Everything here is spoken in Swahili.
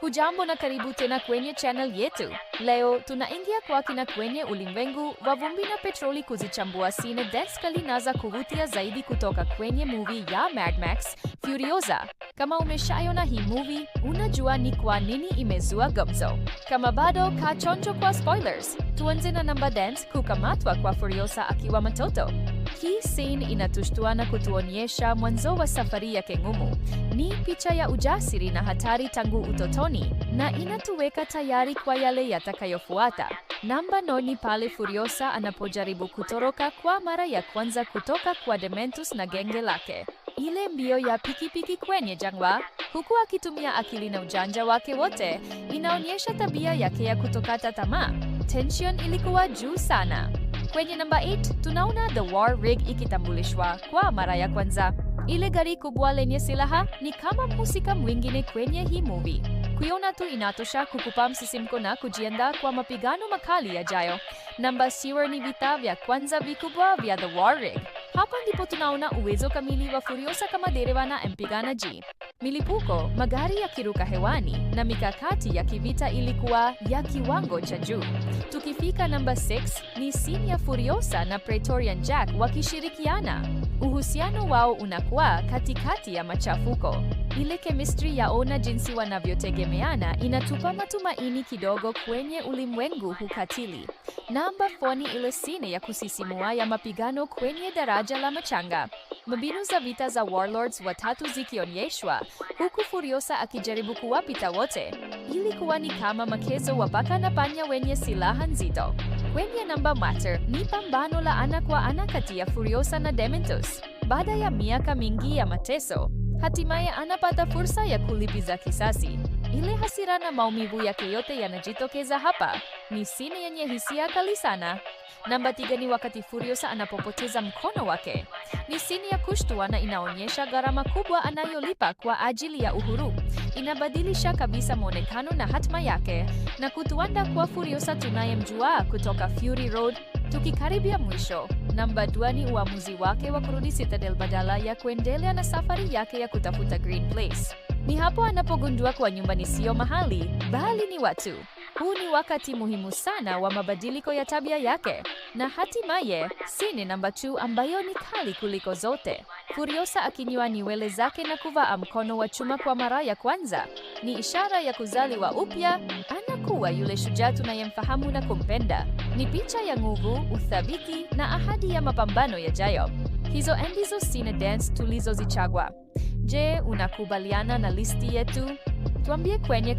Hujambo na karibu tena kwenye channel yetu. Leo tunaingia kwa kina kwenye ulimwengu wa vumbi na petroli, kuzichambua sine deskali na za kuvutia zaidi kutoka kwenye movie ya Mad Max Furiosa. Kama umeshaiona hii movie, unajua ni kwa nini imezua gumzo. Kama bado kachonjo kwa spoilers, tuanze na namba dance, kukamatwa kwa Furiosa akiwa mtoto. Hii scene inatushtua na kutuonyesha mwanzo wa safari yake ngumu. Ni picha ya ujasiri na hatari tangu utotoni, na inatuweka tayari kwa yale yatakayofuata. Namba no ni pale Furiosa anapojaribu kutoroka kwa mara ya kwanza kutoka kwa Dementus na genge lake, ile mbio ya pikipiki kwenye jangwa, huku akitumia akili na ujanja wake wote, inaonyesha tabia yake ya kutokata tamaa. Tension ilikuwa juu sana. Kwenye namba 8 tunaona the war rig ikitambulishwa kwa mara ya kwanza. Ile gari kubwa lenye silaha ni kama mhusika mwingine kwenye hii movie. Kuiona tu inatosha kukupa msisimko na kujiandaa kwa mapigano makali yajayo. Namba sita ni vita vya kwanza vikubwa vya the war rig. Hapa ndipo tunaona uwezo kamili wa Furiosa kama dereva na mpiganaji. Milipuko, magari ya kiruka hewani na mikakati ya kivita ilikuwa ya kiwango cha juu. Tukifika namba 6 ni Sinia Furiosa na Praetorian Jack wakishirikiana. Uhusiano wao unakuwa katikati ya machafuko. Ile chemistry ona jinsi wanavyotegemeana inatupa matumaini kidogo kwenye ulimwengu hukatili. Namba 4 ni ile sine ya kusisimua ya mapigano kwenye daraja la machanga mbinu za vita za Warlords watatu zikionyeshwa, huku Furiosa akijaribu kuwapita wote. Ilikuwa ni kama makezo wa paka na panya wenye silaha nzito. Kwenye namba mater ni pambano la ana kwa ana kati ya Furiosa na Dementus. Baada ya miaka mingi ya mateso, hatimaye anapata fursa ya kulipiza kisasi. Ile hasira na maumivu yake yote yanajitokeza hapa. Ni sini yenye hisia kali sana. Namba tiga ni wakati Furiosa anapopoteza mkono wake. Ni sini ya kushtua na inaonyesha gharama kubwa anayolipa kwa ajili ya uhuru. Inabadilisha kabisa mwonekano na hatma yake na kutuanda kwa Furiosa tunayemjua kutoka Fury Road. Tukikaribia mwisho, namba dua ni uamuzi wake wa kurudi Citadel badala ya kuendelea na safari yake ya kutafuta Green Place. Ni hapo anapogundua kuwa nyumbani siyo mahali, bali ni watu. Huu ni wakati muhimu sana wa mabadiliko ya tabia yake, na hatimaye sini namba 2 ambayo ni kali kuliko zote. Furiosa akinyoa nywele zake na kuvaa mkono wa chuma kwa mara ya kwanza ni ishara ya kuzaliwa upya. Anakuwa yule shujaa tunayemfahamu na kumpenda. Ni picha ya nguvu, uthabiti na ahadi ya mapambano yajayo. Hizo ndizo Sine Dance tulizozichagua. Je, unakubaliana na listi yetu? Tuambie kwenye